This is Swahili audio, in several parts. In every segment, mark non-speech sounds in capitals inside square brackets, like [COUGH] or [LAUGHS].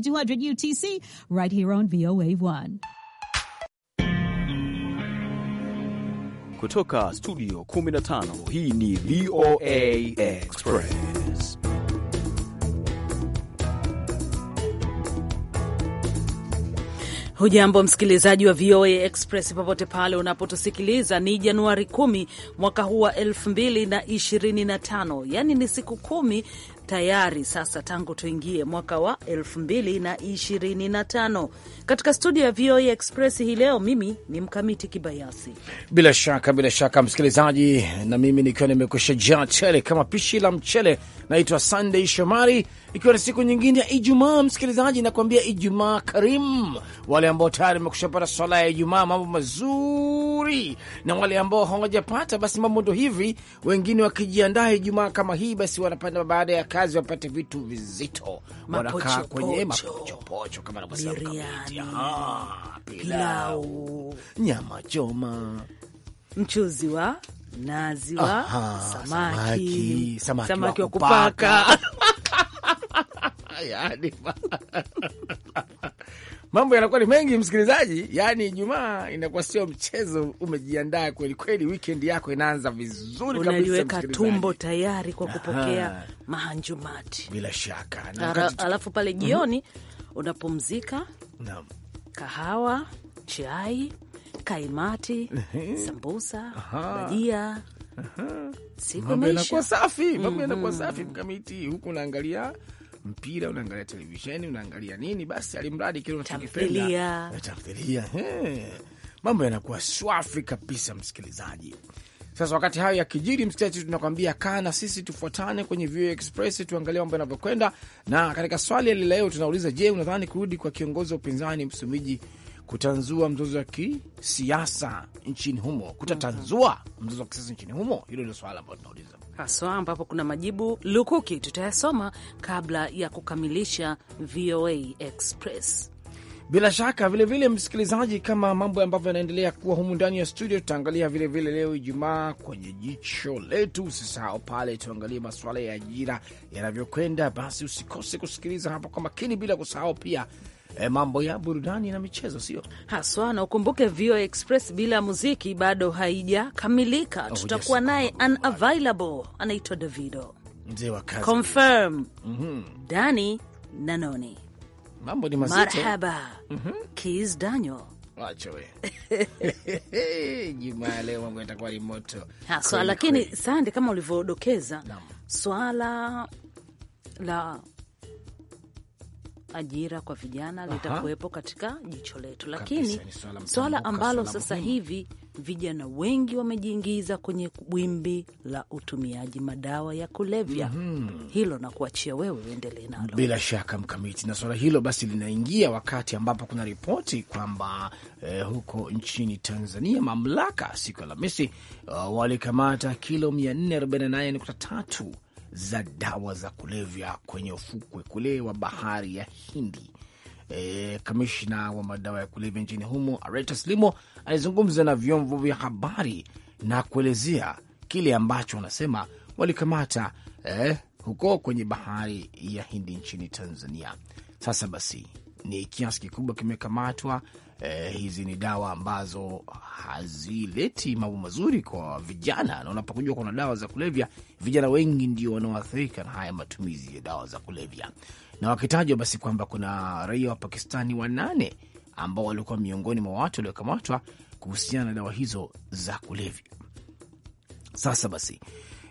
200 UTC right here on VOA1. Kutoka studio 15 hii ni VOA Express. Hujambo msikilizaji wa VOA Express popote pale unapotusikiliza. Ni Januari 10 mwaka huu wa 2025, yaani ni siku kumi tayari sasa tangu tuingie mwaka wa 2025 katika studio ya VOA Express hii leo. Mimi ni Mkamiti Kibayasi. Bila shaka, bila shaka msikilizaji, na mimi nikiwa nimekusha jaa chele kama pishi la mchele. Naitwa Sunday Shomari ikiwa ni siku nyingine ya Ijumaa. Msikilizaji, nakuambia Ijumaa karimu, wale ambao tayari wamekushapata swala ya Ijumaa, mambo mazuri, na wale ambao hawajapata, basi mambo ndo hivi. Wengine wakijiandaa Ijumaa kama hii, basi wanapanda baada ya kazi wapate vitu vizito, wanakaa kwenye mapochopocho kama ah, pilau, nyama choma, mchuzi wa nazi wa samaki, samaki, samaki wa kupaka [LAUGHS] yani, [LAUGHS] mambo yanakuwa ni mengi msikilizaji, yani Ijumaa inakuwa sio mchezo. Umejiandaa kweli kweli, wikendi yako inaanza vizuri kabisa, unaliweka tumbo tayari kwa kupokea mahanjumati bila shaka na Ara, alafu pale mhm. jioni mm -hmm. unapumzika Naam. kahawa, chai, kaimati, sambusa, bajia Siku mambo yanakuwa safi, mambo mhm. yanakuwa safi mkamiti, huku unaangalia mpira, unaangalia televisheni, unaangalia nini, basi alimradi kile unachokipenda, tamthilia. Mambo yanakuwa swafi kabisa, msikilizaji. Sasa wakati hayo yakijiri, msikilizaji, tunakwambia kaa na sisi, tufuatane kwenye VOA Express, tuangalie mambo yanavyokwenda. Na katika swali la leo tunauliza, je, unadhani kurudi kwa kiongozi wa upinzani Msumiji kutanzua mzozo wa kisiasa nchini humo, kutatanzua mhm. mzozo wa kisiasa nchini humo. Hilo ndio swala ambalo tunauliza haswa, ambapo kuna majibu lukuki tutayasoma kabla ya kukamilisha VOA Express. Bila shaka vilevile msikilizaji, kama mambo ambavyo yanaendelea kuwa humu ndani ya studio, tutaangalia vilevile leo Ijumaa kwenye jicho letu. Usisahau pale tuangalie masuala ya ajira yanavyokwenda. Basi usikose kusikiliza hapo kwa makini, bila kusahau pia e, mambo ya burudani na michezo, sio haswa. Na ukumbuke VOA Express bila muziki bado haijakamilika. Oh, tutakuwa yes, naye unavailable anaitwa Davido, mzee wa kazi confirm. mm -hmm. Dani Nanoni, mambo ni mazito. Marhaba. mm -hmm. Kis Daniel [LAUGHS] Jumaa leo mambo yatakuwa ni moto haswa, lakini sande, kama ulivyodokeza swala la ajira kwa vijana litakuwepo katika jicho letu, lakini swala ambalo sasa hivi vijana wengi wamejiingiza kwenye wimbi la utumiaji madawa ya kulevya mm -hmm. Hilo na kuachia wewe uendelee nalo bila shaka Mkamiti, na swala hilo basi linaingia wakati ambapo kuna ripoti kwamba eh, huko nchini Tanzania mamlaka siku ya Alhamisi uh, walikamata kilo 448.3 za dawa za kulevya kwenye ufukwe kule wa bahari ya Hindi. E, kamishna wa madawa ya kulevya nchini humo Aretas Limo alizungumza na vyombo vya habari na kuelezea kile ambacho wanasema walikamata eh, huko kwenye bahari ya Hindi nchini Tanzania. Sasa basi ni kiasi kikubwa kimekamatwa. Eh, hizi ni dawa ambazo hazileti mambo mazuri kwa vijana, na unapokujua kuna dawa za kulevya, vijana wengi ndio wanaoathirika na haya matumizi ya dawa za kulevya, na wakitajwa basi kwamba kuna raia wa Pakistani wanane ambao walikuwa miongoni mwa watu waliokamatwa kuhusiana na dawa hizo za kulevya. Sasa basi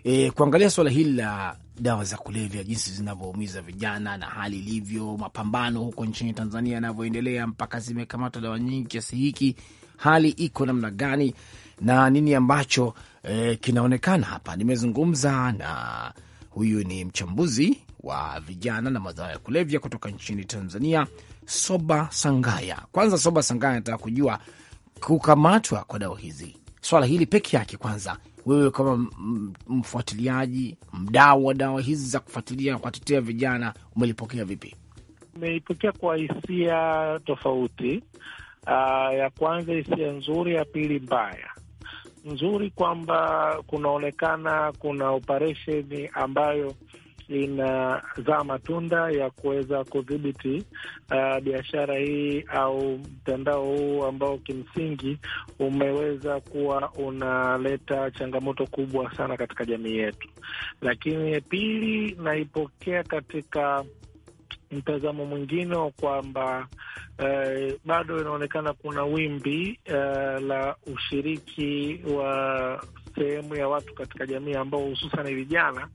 e, kuangalia suala hili la dawa za kulevya, jinsi zinavyoumiza vijana na hali ilivyo, mapambano huko nchini Tanzania yanavyoendelea, mpaka zimekamata dawa nyingi kiasi hiki, hali iko namna gani na nini ambacho e, kinaonekana hapa? Nimezungumza na huyu ni mchambuzi wa vijana na madawa ya kulevya kutoka nchini Tanzania, Soba Sangaya. Kwanza Soba Sangaya, nataka kujua kukamatwa kwa dawa hizi, swala hili peke yake kwanza wewe kama mfuatiliaji, mdau wa dawa hizi za kufuatilia na kuwatetea vijana, umelipokea vipi? Umeipokea kwa hisia tofauti. Uh, ya kwanza hisia nzuri, ya pili mbaya. Nzuri kwamba kunaonekana kuna operesheni ambayo inazaa uh, matunda ya kuweza kudhibiti uh, biashara hii au mtandao huu ambao kimsingi umeweza kuwa unaleta changamoto kubwa sana katika jamii yetu. Lakini pili, naipokea katika mtazamo mwingine wa kwamba eh, bado inaonekana kuna wimbi eh, la ushiriki wa sehemu ya watu katika jamii ambao hususan vijana,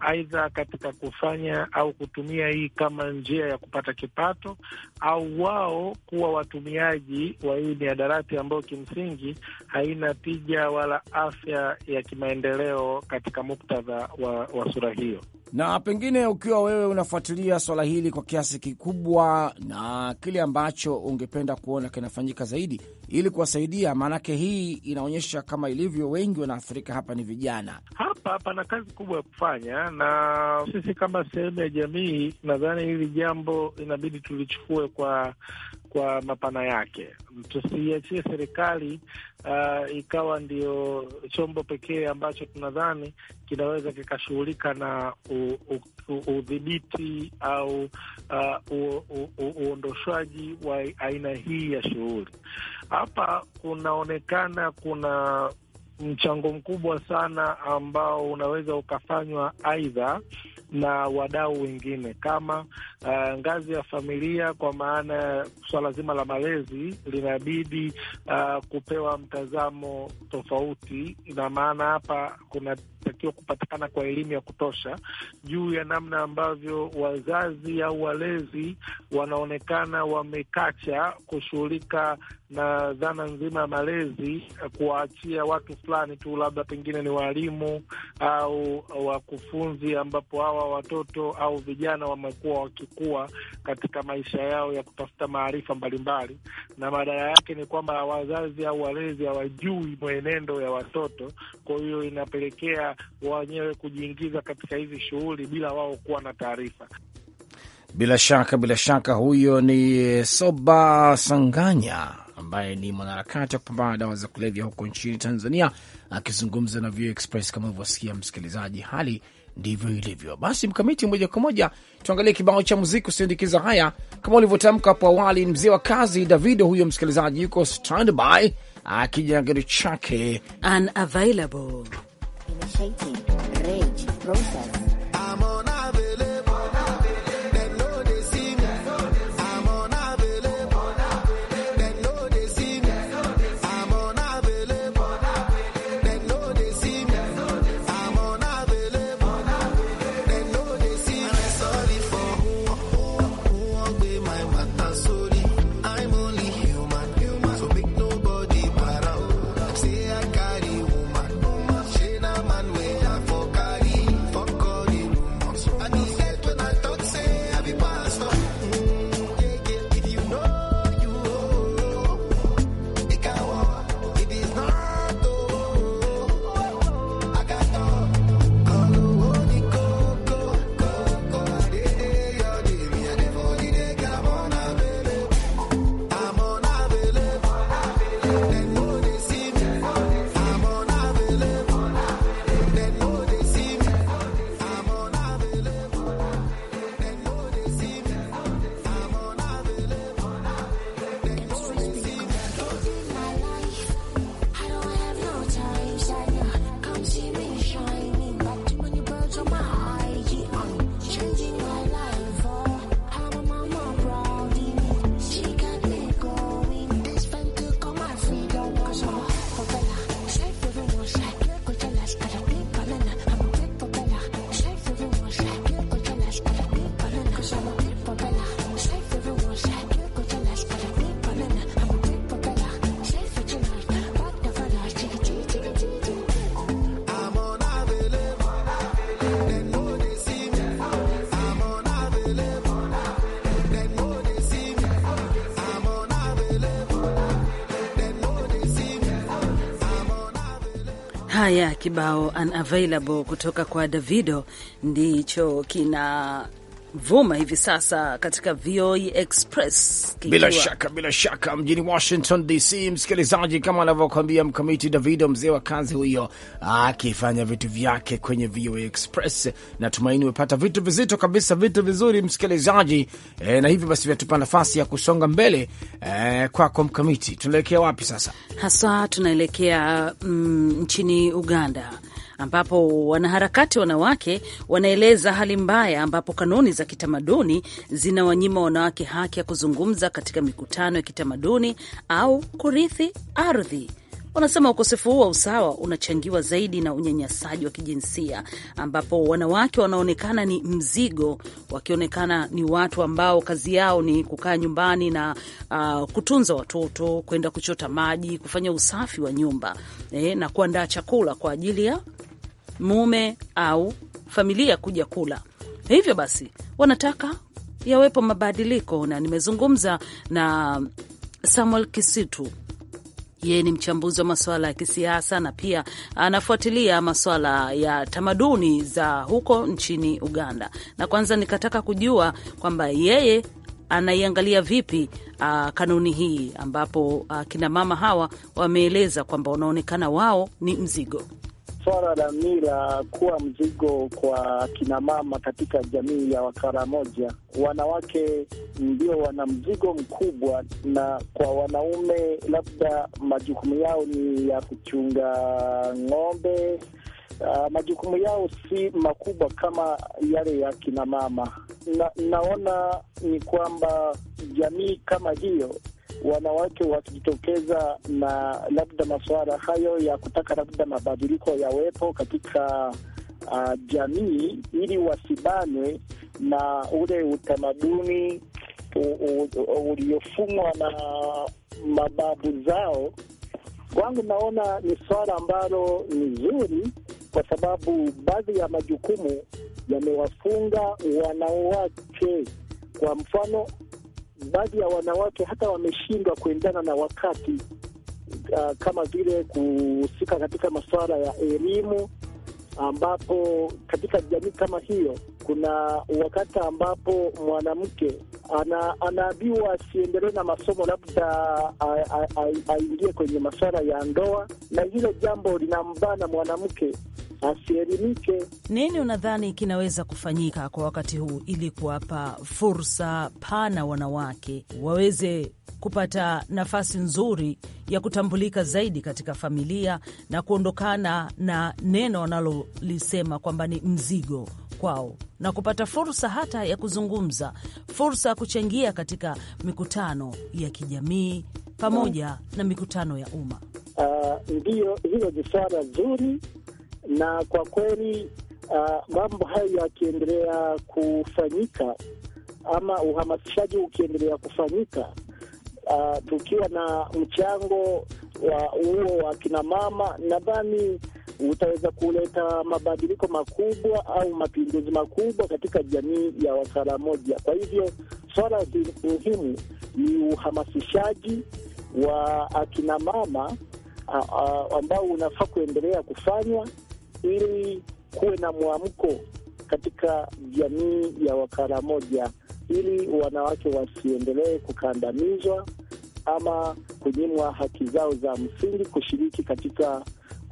aidha katika kufanya au kutumia hii kama njia ya kupata kipato au wao kuwa watumiaji wa hii mihadarati ambayo kimsingi haina tija wala afya ya kimaendeleo katika muktadha wa, wa sura hiyo. Na pengine ukiwa wewe unafuatilia swala hili kwa kiasi kikubwa, na kile ambacho ungependa kuona kinafanyika zaidi ili kuwasaidia, maanake hii inaonyesha kama ilivyo wengi wanaathirika hapa ni vijana. Hapa pana kazi kubwa ya kufanya, na sisi kama sehemu ya jamii, nadhani hili jambo inabidi tulichukue kwa kwa mapana yake. Tusiachie serikali uh, ikawa ndio chombo pekee ambacho tunadhani kinaweza kikashughulika na udhibiti au uh, uondoshwaji uh, wa aina hii ya shughuli. Hapa kunaonekana kuna mchango mkubwa sana ambao unaweza ukafanywa aidha na wadau wengine kama uh, ngazi ya familia, kwa maana swala zima la malezi linabidi uh, kupewa mtazamo tofauti. Ina maana hapa kuna inatakiwa kupatikana kwa elimu ya kutosha juu ya namna ambavyo wazazi au walezi wanaonekana wamekacha kushughulika na dhana nzima ya malezi, kuwaachia watu fulani tu, labda pengine ni walimu au wakufunzi, ambapo hawa watoto au vijana wamekuwa wakikua katika maisha yao ya kutafuta maarifa mbalimbali, na madara yake ni kwamba wazazi au walezi hawajui mwenendo ya watoto. Kwa hiyo inapelekea wenyewe kujiingiza katika hizi shughuli bila wao kuwa na taarifa. Bila shaka, bila shaka, huyo ni Soba Sanganya ambaye ni mwanaharakati wa kupambana na dawa za kulevya huko nchini Tanzania, akizungumza na Vio Express. Kama ulivyosikia msikilizaji, hali ndivyo ilivyo. Basi mkamiti, moja kwa moja tuangalie kibao cha muziki kusindikiza haya. Kama ulivyotamka hapo awali, mzee wa kazi Davido huyo msikilizaji yuko standby akija na kitu chake unavailable meditating, rage, process, Haya, kibao unavailable kutoka kwa Davido ndicho kina vuma hivi sasa katika VOA e Express. Bila shaka, bila shaka mjini Washington DC, msikilizaji, kama anavyokwambia mkamiti Davido, mzee wa kazi huyo, akifanya vitu vyake kwenye VOA e Express. Natumaini umepata vitu vizito kabisa, vitu vizuri msikilizaji. E, na hivyo basi vyatupa nafasi ya kusonga mbele. E, kwako mkamiti, tunaelekea wapi sasa? Haswa tunaelekea mm, nchini Uganda ambapo wanaharakati wanawake wanaeleza hali mbaya ambapo kanuni za kitamaduni zinawanyima wanawake haki ya kuzungumza katika mikutano ya kitamaduni au kurithi ardhi. Wanasema ukosefu huu wa usawa unachangiwa zaidi na unyanyasaji wa kijinsia ambapo wanawake wanaonekana ni mzigo, wakionekana ni watu ambao kazi yao ni kukaa nyumbani na uh, kutunza watoto, kwenda kuchota maji, kufanya usafi wa nyumba eh, na kuandaa chakula kwa ajili ya mume au familia kuja kula. Hivyo basi wanataka yawepo mabadiliko, na nimezungumza na Samuel Kisitu yeye ni mchambuzi wa masuala ya kisiasa na pia anafuatilia masuala ya tamaduni za huko nchini Uganda, na kwanza nikataka kujua kwamba yeye anaiangalia vipi uh, kanuni hii ambapo uh, kina mama hawa wameeleza kwamba wanaonekana wao ni mzigo swala la mila kuwa mzigo kwa kinamama katika jamii ya wakara moja Wanawake ndio wana mzigo mkubwa, na kwa wanaume labda majukumu yao ni ya kuchunga ng'ombe. Uh, majukumu yao si makubwa kama yale ya kinamama na, naona ni kwamba jamii kama hiyo wanawake wakijitokeza na labda masuala hayo ya kutaka labda mabadiliko yawepo katika uh, jamii ili wasibanwe na ule utamaduni uliofumwa na mababu zao. Kwangu naona ni swala ambalo ni zuri, kwa sababu baadhi ya majukumu yamewafunga wanawake. Kwa mfano baadhi ya wanawake hata wameshindwa kuendana na wakati uh, kama vile kuhusika katika masuala ya elimu ambapo katika jamii kama hiyo kuna wakati ambapo mwanamke anaambiwa asiendelee na masomo, labda aingie kwenye masuala ya ndoa, na hilo jambo linambana mwanamke asielimike. Nini unadhani kinaweza kufanyika kwa wakati huu ili kuwapa fursa pana wanawake waweze kupata nafasi nzuri ya kutambulika zaidi katika familia na kuondokana na neno wanalolisema kwamba ni mzigo kwao na kupata fursa hata ya kuzungumza, fursa ya kuchangia katika mikutano ya kijamii pamoja na mikutano ya umma. Uh, ah, ndiyo, hilo ni swala zuri, na kwa kweli uh, mambo hayo yakiendelea kufanyika ama uhamasishaji ukiendelea kufanyika uh, tukiwa na mchango wa huo wa kinamama nadhani utaweza kuleta mabadiliko makubwa au mapinduzi makubwa katika jamii ya Wasara moja. Kwa hivyo swala muhimu ni uhamasishaji wa akina mama ambao unafaa kuendelea kufanywa ili kuwe na mwamko katika jamii ya Wakara moja, ili wanawake wasiendelee kukandamizwa ama kunyimwa haki zao za msingi kushiriki katika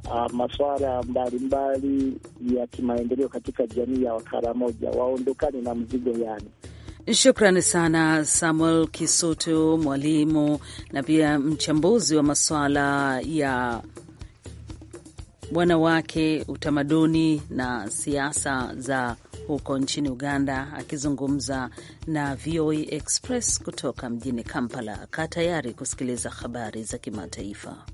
uh, ah, masuala mbalimbali ya kimaendeleo katika jamii ya wakala moja, waondokane na mzigo yani. Shukrani sana Samuel Kisutu, mwalimu na pia mchambuzi wa masuala ya wanawake, utamaduni na siasa za huko nchini Uganda, akizungumza na VOA Express kutoka mjini Kampala. katayari tayari kusikiliza habari za kimataifa.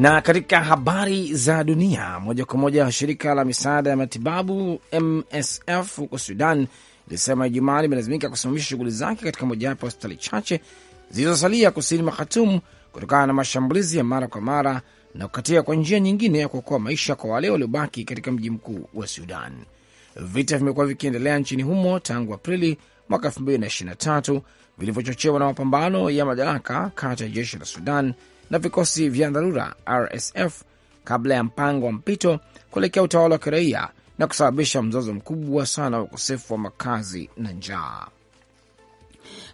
Na katika habari za dunia moja kwa moja, shirika la misaada ya matibabu MSF huko Sudan ilisema Ijumaa limelazimika kusimamisha shughuli zake katika mojawapo ya hospitali chache zilizosalia kusini mwa Khartoum kutokana na mashambulizi ya mara kwa mara na kukatia kwa njia nyingine ya kuokoa maisha kwa wale waliobaki katika mji mkuu wa Sudan. Vita vimekuwa vikiendelea nchini humo tangu Aprili mwaka 2023 vilivyochochewa na mapambano ya madaraka kati ya jeshi la Sudan na vikosi vya dharura RSF kabla ya mpango wa mpito kuelekea utawala wa kiraia na kusababisha mzozo mkubwa sana wa ukosefu wa makazi na njaa.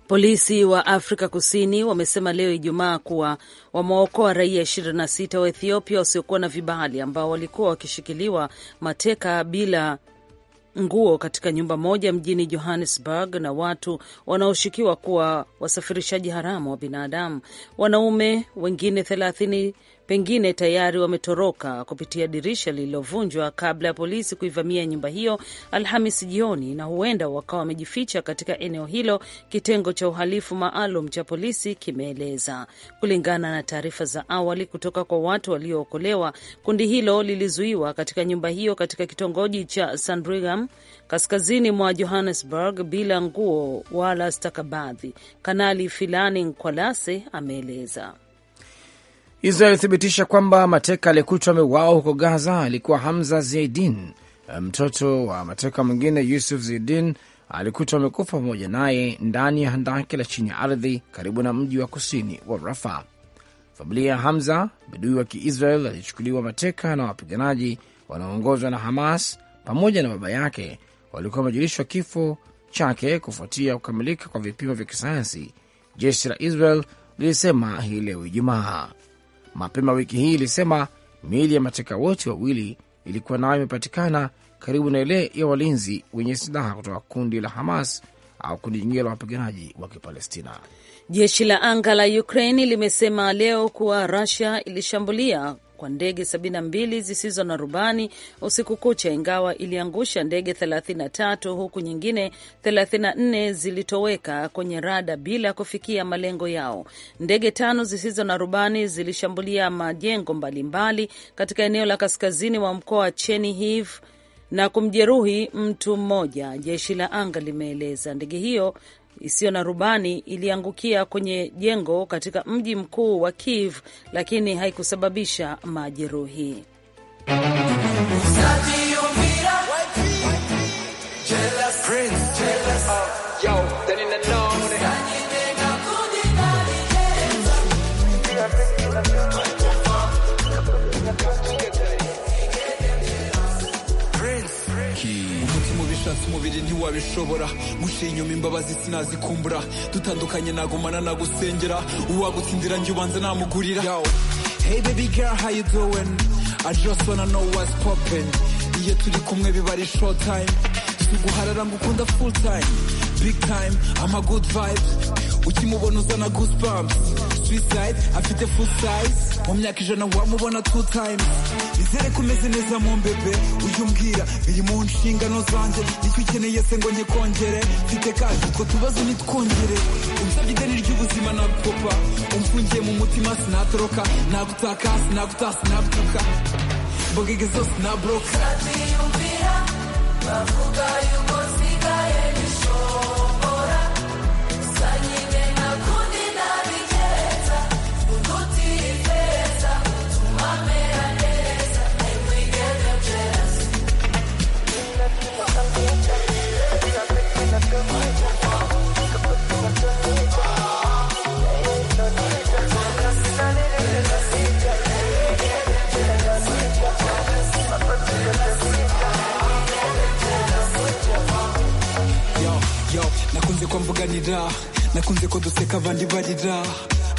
Polisi wa Afrika Kusini wamesema leo Ijumaa kuwa wamewaokoa raia 26 wa Ethiopia wasiokuwa na vibali ambao walikuwa wakishikiliwa mateka bila nguo katika nyumba moja mjini Johannesburg na watu wanaoshukiwa kuwa wasafirishaji haramu wa binadamu. Wanaume wengine thelathini pengine tayari wametoroka kupitia dirisha lililovunjwa kabla ya polisi kuivamia nyumba hiyo Alhamis jioni, na huenda wakawa wamejificha katika eneo hilo, kitengo cha uhalifu maalum cha polisi kimeeleza. Kulingana na taarifa za awali kutoka kwa watu waliookolewa, kundi hilo lilizuiwa katika nyumba hiyo katika kitongoji cha Sandringham kaskazini mwa Johannesburg bila nguo wala stakabadhi. Kanali Filani Nkwalase ameeleza. Israel ilithibitisha kwamba mateka aliyekutwa ameuawa huko Gaza alikuwa Hamza Zeidin, mtoto wa mateka mwingine Yusuf Zeidin alikutwa amekufa pamoja naye ndani ya handake la chini ya ardhi karibu na mji wa kusini wa Rafa. Familia ya Hamza, bedui wa Kiisrael aliyechukuliwa mateka na wapiganaji wanaoongozwa na Hamas, pamoja na baba yake walikuwa wamejulishwa kifo chake kufuatia kukamilika kwa vipimo vya kisayansi, jeshi la Israel lilisema hii leo Ijumaa mapema wiki hii ilisema miili ya mateka wote wawili ilikuwa nayo imepatikana karibu na ile ya walinzi wenye silaha kutoka kundi la Hamas au kundi jingine la wapiganaji wa Kipalestina. Jeshi la anga la Ukraini limesema leo kuwa Rusia ilishambulia kwa ndege 72 zisizo na rubani usiku kucha, ingawa iliangusha ndege 33 huku nyingine 34 zilitoweka kwenye rada bila kufikia malengo yao. Ndege tano zisizo na rubani zilishambulia majengo mbalimbali katika eneo la kaskazini wa mkoa wa Chernihiv na kumjeruhi mtu mmoja, jeshi la anga limeeleza. Ndege hiyo isiyo na rubani iliangukia kwenye jengo katika mji mkuu wa Kiev, lakini haikusababisha majeruhi. by'umubiri ntiwabishobora guciye inyuma imbabazi sinazikumbura dutandukanye nagumana nagusengera uwagutsindira njye ubanza namugurira Hey baby girl how you doing I just wanna know what's poppin iyo turi kumwe biba ari short time siguharara ngo ukunda full time big time I'm a good vibes ukimubona uzana goosebumps suicide afite full size mu myaka ijana wamubona two times izere ko umeze neza mu mbebe ujye umbwira biri mu nshingano zanjye nicyo ukeneye se ngo nyikongere mfite kaje utwo tubazo nitwongere unsabye ideni ry'ubuzima na nagukopa umfungiye mu mutima sinatoroka nagutaka sinaguta sinagutuka mbogege zose nabroka sinatiyumvira bavuga yuko twamvuganira nakunze ko duseka abandi barira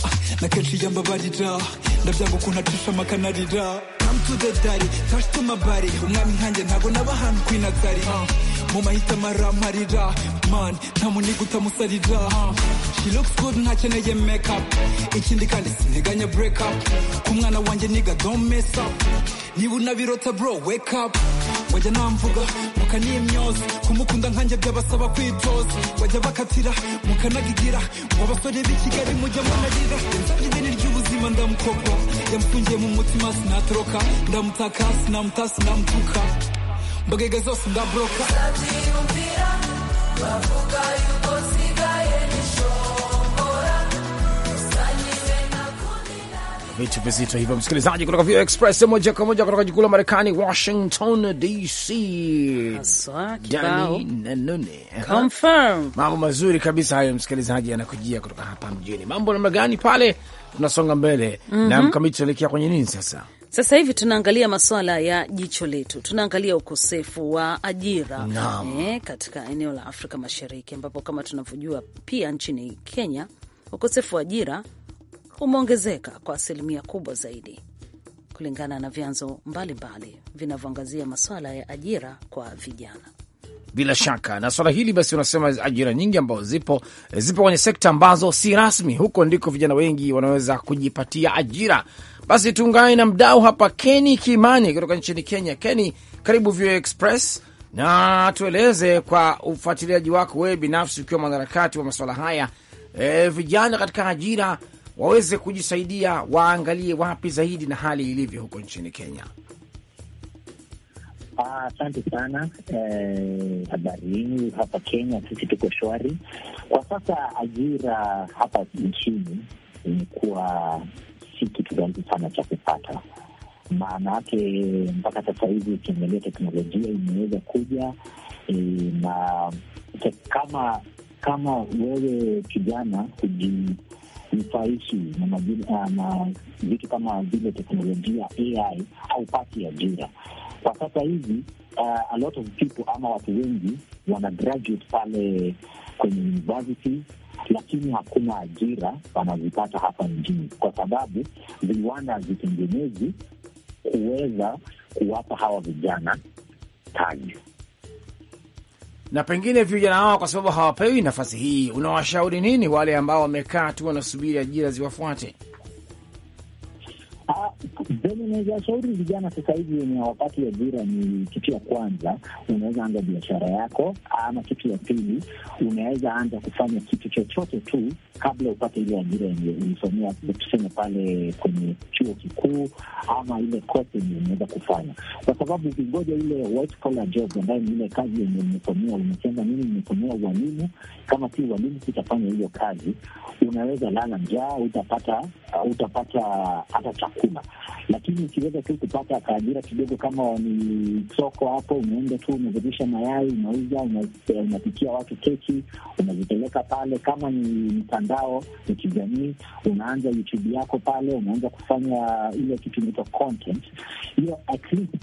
ah, na kenshi yambabarira ndabyanga ukuntu acisha amakanarira come to the umwami nkanjye ntabwo naba ahantu queen ah, mu mahitamo aramparira man nta muniga utamusarira ah, she looks good ntakeneye make up ikindi kandi sinteganya break up ku mwana wanjye niga don't mess up niba unabirota bro wake up wajya namvuga guhemuka ni kumukunda nkanjye byabasaba kwitoza bajya bakatira mukanagigira ngo abasore b'i kigali mujya munarira nsabye ideni ry'ubuzima ndamukopo yamufungiye mu mutima sinatoroka ndamutaka sinamuta sinamutuka mbogega zose ndaboroka bavuga yuko sigaye nijoro vitu vizito hivyo, msikilizaji, kutoka VOA Express moja kwa moja kutoka jikuu la Marekani, Washington DC. [LAUGHS] Mambo mazuri kabisa hayo, msikilizaji, anakujia kutoka hapa mjini. Mambo namna gani pale? Tunasonga mbele mm -hmm. na mkamiti, tunaelekea kwenye nini sasa? Sasa hivi tunaangalia masuala ya jicho letu, tunaangalia ukosefu wa ajira eh, katika eneo la Afrika Mashariki, ambapo kama tunavyojua pia nchini Kenya ukosefu wa ajira umeongezeka kwa asilimia kubwa zaidi kulingana na vyanzo mbalimbali vinavyoangazia masuala ya ajira kwa vijana. Bila shaka na swala hili basi, unasema ajira nyingi ambazo zipo eh, zipo kwenye sekta ambazo si rasmi, huko ndiko vijana wengi wanaweza kujipatia ajira. Basi tuungane na mdau hapa, Keni Kimani kutoka nchini Kenya. Keni, karibu VOA Express na tueleze kwa ufuatiliaji wako wewe binafsi, ukiwa mwanaharakati wa masuala haya e, vijana katika ajira waweze kujisaidia, waangalie wapi zaidi na hali ilivyo huko nchini Kenya. Ah, asante ah, sana eh, habari eh, yenu hapa Kenya. Sisi tuko shwari kwa sasa. Ajira hapa nchini imekuwa si kitu rahisi sana cha kupata, maana yake mpaka sasa hivi ukiangalia teknolojia imeweza kuja e, na kama kama wewe kijana kuji vifaishi ah, na vitu kama vile teknolojia AI haupati ajira kwa sasa hivi. Uh, a lot of people ama watu wengi wana graduate pale kwenye university lakini hakuna ajira wanazipata hapa nchini, kwa sababu viwanda havitengenezi kuweza kuwapa hawa vijana kazi na pengine vijana wao, kwa sababu hawapewi nafasi hii, unawashauri nini wale ambao wamekaa tu wanasubiri ajira ziwafuate? Ah, Then unaweza shauri vijana sasa hivi wenye hawapati ajira, ni kitu ya kwanza, unaweza anza biashara yako, ama kitu ya pili, unaweza anza kufanya kitu chochote tu kabla upate ile ajira yenye ulisomea, tuseme pale kwenye chuo kikuu, ama ile kosi yenye unaweza kufanya, kwa sababu ukingoja ile white collar job, ambayo ni ile kazi yenye umesomea, umesema mimi nimesomea ualimu, kama si ualimu sitafanya hiyo kazi, unaweza lala njaa, utapata hata uh, utapata, chakula lakini ukiweza tu kupata kaajira kidogo, kama ni soko hapo, unaenda tu unazalisha mayai, unauza, unapikia watu keki, unazipeleka pale. Kama ni mtandao ni kijamii, unaanza YouTube yako pale, unaanza kufanya ile kitu inaitwa content hiyo, at least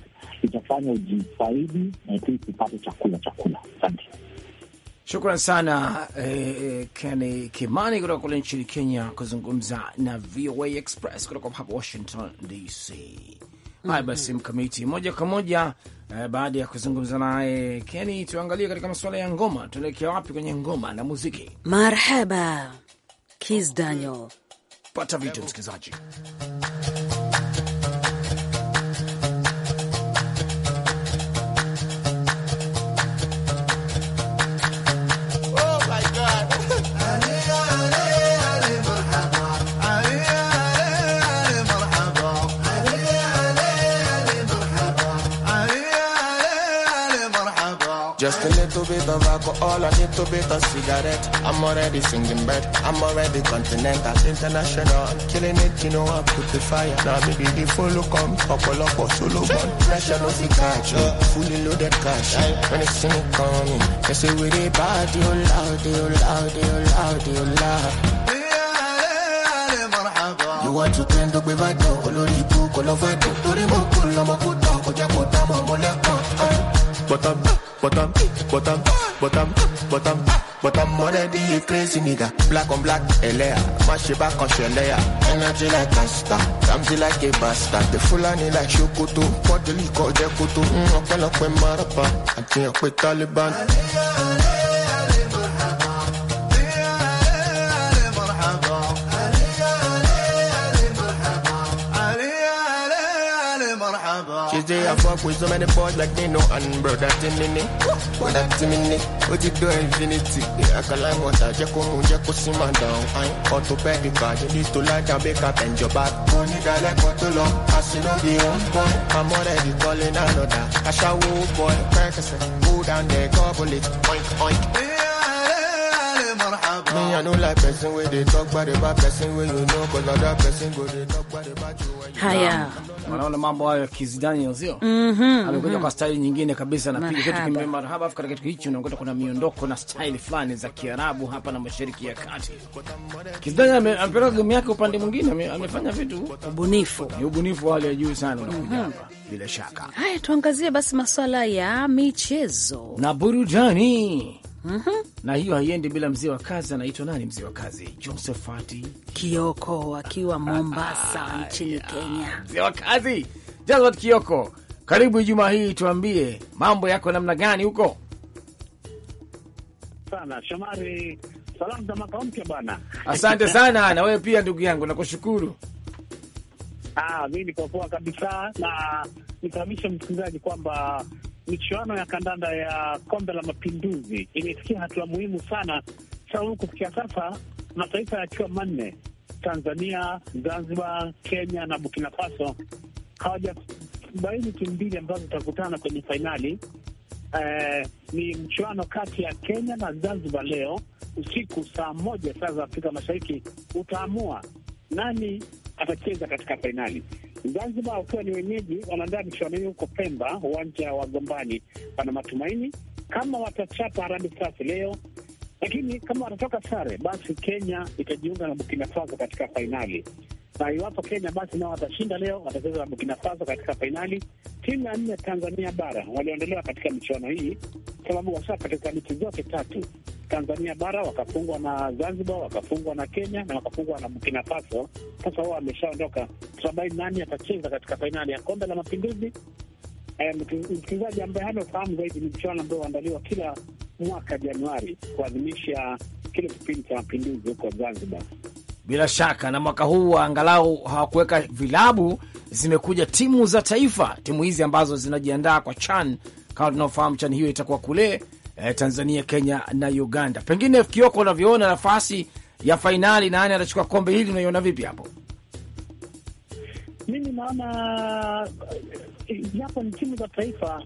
itafanya ujifaidi na pia upate chakula chakula. Asante. Shukran sana eh, eh, Kenny Kimani kutoka kule nchini Kenya kuzungumza na VOA Express kutoka hapa Washington DC. Haya mhm. basi, mkamiti moja kwa moja eh, baada ya kuzungumza naye Kenny, tuangalie katika masuala ya ngoma. Tuelekea wapi kwenye ngoma na muziki? Marhaba daniel pata vitu msikilizaji. little bit of alcohol, a little bit of cigarette. I'm already singing bird, I'm already continental, international. I'm killing it, you know I put the fire. Now me be the full look on, ọ̀pọ̀lọpọ̀ solo gun. National fi catch me, fully loaded cash. When they see me coming, they say we the bad, you loud, you loud, you loud, you loud. iwájú tẹ́ ń dọ́gbé bá dán olórí ikú kò lọ́ fẹ́ dùn torí mo kú lọ́mọ I'm kò jẹ́ kó dá mọ́ mọ́lẹ́kọ̀ọ́. Bottom, bottom, bottom, bottom, bottom. am but already a crazy nigga. Black on black, Elea. Mash it back on Shalea. Energy like a star. Ramsey like a bastard. The Fulani like Shokoto. Puerto Rico, Jekoto. Mm, ọ̀pọ̀lọpọ̀ Marapa. Àti ọ̀pẹ Taliban. Alea, alea. CJ, I fuck with so many boys like they know and bro, that in it. But that to in it, what you do infinity. Yeah, I can lie what I just come on, just see my down. I got to pay the card, you need to like and bake up and your back. Money that like what to love, I see no the old boy. I'm already calling another. I shall woo boy, Percocet, go down there, gobble it, oink, oink. Haya, wanaona mambo hayo ya Kizidani sio? Mhm, Amekuja mhm. kwa staili nyingine kabisa, na kitu kimbe marhaba. Katika kitu hicho unakuta kuna miondoko na staili fulani za Kiarabu hapa na Mashariki ya Kati. Kizidani amepeleka gemu yake upande mwingine, amefanya vitu ubunifu, ni ubunifu wa hali ya juu sana. Unakuja mhm. hapa bila shaka. Haya, tuangazie basi masuala ya michezo na burudani. -hmm. na hiyo haiendi bila mzee wa kazi. Anaitwa nani mzee wa kazi? Josephat Kioko akiwa Mombasa ah, nchini Kenya. Mzee wa kazi Josephat Kioko, karibu Ijumaa hii, tuambie mambo yako namna gani huko sana, Shomari. Salamu za mwaka mpya bwana. [LAUGHS] Asante sana na wewe pia ndugu yangu, nakushukuru. Ah, mimi niko poa kabisa, na nifahamishe msikilizaji kwamba michuano ya kandanda ya kombe la mapinduzi imefikia hatua muhimu sana, sababu kufikia sasa mataifa yakiwa manne, Tanzania, Zanzibar, Kenya na Burkina Faso hawajabaini timu mbili ambazo zitakutana kwenye fainali. Eh, ni mchuano kati ya Kenya na Zanzibar leo usiku saa moja saa za Afrika Mashariki utaamua nani atacheza katika fainali. Zanzibar wakiwa ni wenyeji wanaandaa michuano hiyo huko Pemba, uwanja wa Gombani. wana matumaini kama watachapa Arabi Stars leo, lakini kama watatoka sare, basi Kenya itajiunga na Burkina Faso katika fainali na iwapo Kenya basi nao watashinda leo, watacheza na Burkina Faso katika fainali. Timu ya nne Tanzania bara waliondolewa katika michuano hii, sababu washapatikana mechi zote tatu Tanzania bara, wakafungwa na Zanzibar, wakafungwa na Kenya na wakafungwa na Burkina Faso. Sasa wao wameshaondoka, tutabaini nani atacheza katika fainali ya kombe la mapinduzi. Eh, msikilizaji ambaye hana zaidi, ni mchuano ambao huandaliwa kila mwaka Januari kuadhimisha kile kipindi cha mapinduzi huko Zanzibar. Bila shaka na mwaka huu angalau hawakuweka vilabu, zimekuja timu za taifa, timu hizi ambazo zinajiandaa kwa CHAN. Kama tunaofahamu CHAN hiyo itakuwa kule eh, Tanzania, Kenya na Uganda. Pengine Kioko, unavyoona nafasi ya fainali, nani atachukua kombe hili, unaiona vipi hapo? Mimi naona eh, japo ni timu za taifa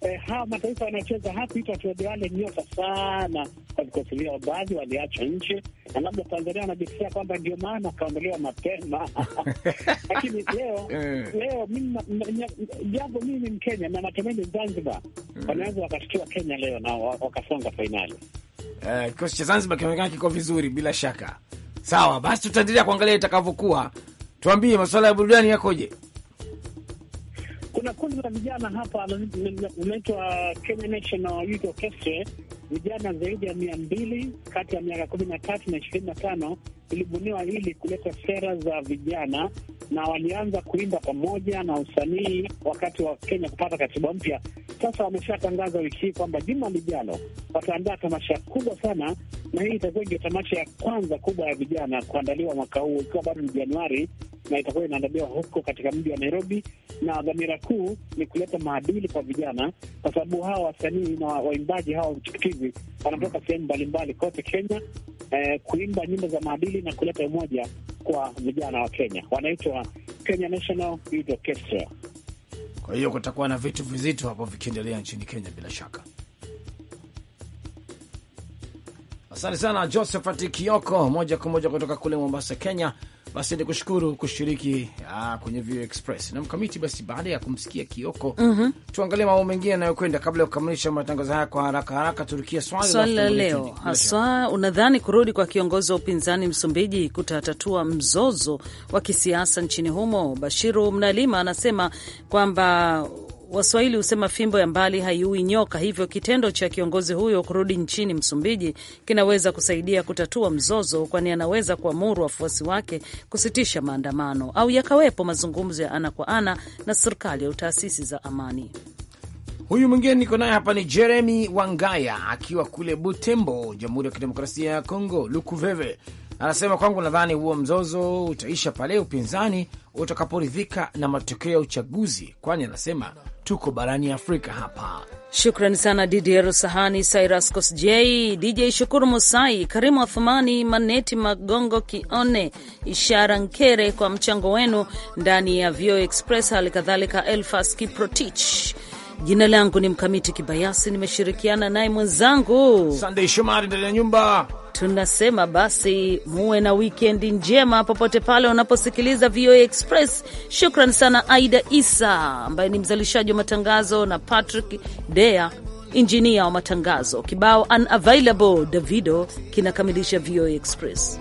eh, hawa mataifa yanayocheza hapa itatuegeale nyota sana kwa vikosi vyao, baadhi waliacha nje na labda Tanzania wanajisikia kwamba ndio maana akaondolewa mapema [LAUGHS] lakini leo eh. leo jambo, mimi ni Mkenya na natumaini Zanzibar mm. wanaweza wakashtua Kenya leo na wakasonga fainali. Eh, kikosi cha Zanzibar kinaonekana kiko vizuri bila shaka. Sawa basi, tutaendelea kuangalia itakavyokuwa. Tuambie masuala ya burudani yakoje? kuna kundi la vijana hapa unaitwa Kenya National Youth Orchestra. Vijana zaidi ya mia mbili kati ya miaka kumi na tatu na ishirini na tano ilibuniwa ili kuleta sera za vijana, na walianza kuimba pamoja na usanii wakati wa Kenya kupata katiba mpya. Sasa wameshatangaza wiki hii kwamba juma lijalo wataandaa tamasha kubwa sana, na hii itakuwa ndio tamasha ya kwanza kubwa ya vijana kuandaliwa mwaka huu, ikiwa bado ni Januari na itakuwa inaandaliwa huko katika mji wa Nairobi, na dhamira kuu ni kuleta maadili kwa vijana, kwa sababu hawa wasanii na waimbaji hawa chipukizi wanatoka sehemu mbalimbali kote Kenya eh, kuimba nyimbo za maadili na kuleta umoja kwa vijana wa Kenya. Wanaitwa Kenya National Youth Orchestra. Kwa hiyo kutakuwa na vitu vizito hapo vikiendelea nchini Kenya bila shaka. Asante sana Josephat Kioko, moja kwa moja kutoka kule Mombasa, Kenya. Basi ni kushukuru kushiriki ah, kwenye View Express na Mkamiti. Basi baada ya kumsikia Kioko mm -hmm. tuangalie mambo mengine yanayokwenda kabla ya kukamilisha matangazo haya kwa haraka haraka. Turukia swali swali la leo haswa, unadhani kurudi kwa kiongozi wa upinzani Msumbiji kutatatua mzozo wa kisiasa nchini humo? Bashiru Mnalima anasema kwamba Waswahili husema fimbo ya mbali haiui nyoka, hivyo kitendo cha kiongozi huyo kurudi nchini Msumbiji kinaweza kusaidia kutatua mzozo, kwani anaweza kuamuru wafuasi wake kusitisha maandamano au yakawepo mazungumzo ya ana kwa ana na serikali au taasisi za amani. Huyu mwingine niko naye hapa ni Jeremy Wangaya akiwa kule Butembo, Jamhuri ya Kidemokrasia ya Kongo, Lukuveve anasema kwangu, nadhani huo mzozo utaisha pale upinzani utakaporidhika na matokeo ya uchaguzi, kwani anasema tuko barani Afrika hapa. Shukran sana Didier Sahani, Cyrus J, DJ Shukuru Musai, Karimu Athumani, Maneti Magongo, Kione Ishara Nkere kwa mchango wenu ndani ya VOA Express, hali kadhalika Elfas Kiprotich Jina langu ni Mkamiti Kibayasi, nimeshirikiana naye mwenzangu Sandei Shomari ndani ya nyumba. Tunasema basi muwe na wikendi njema popote pale unaposikiliza VOA Express. Shukran sana Aida Isa ambaye ni mzalishaji wa matangazo na Patrick Dea injinia wa matangazo. Kibao unavailable Davido kinakamilisha VOA Express.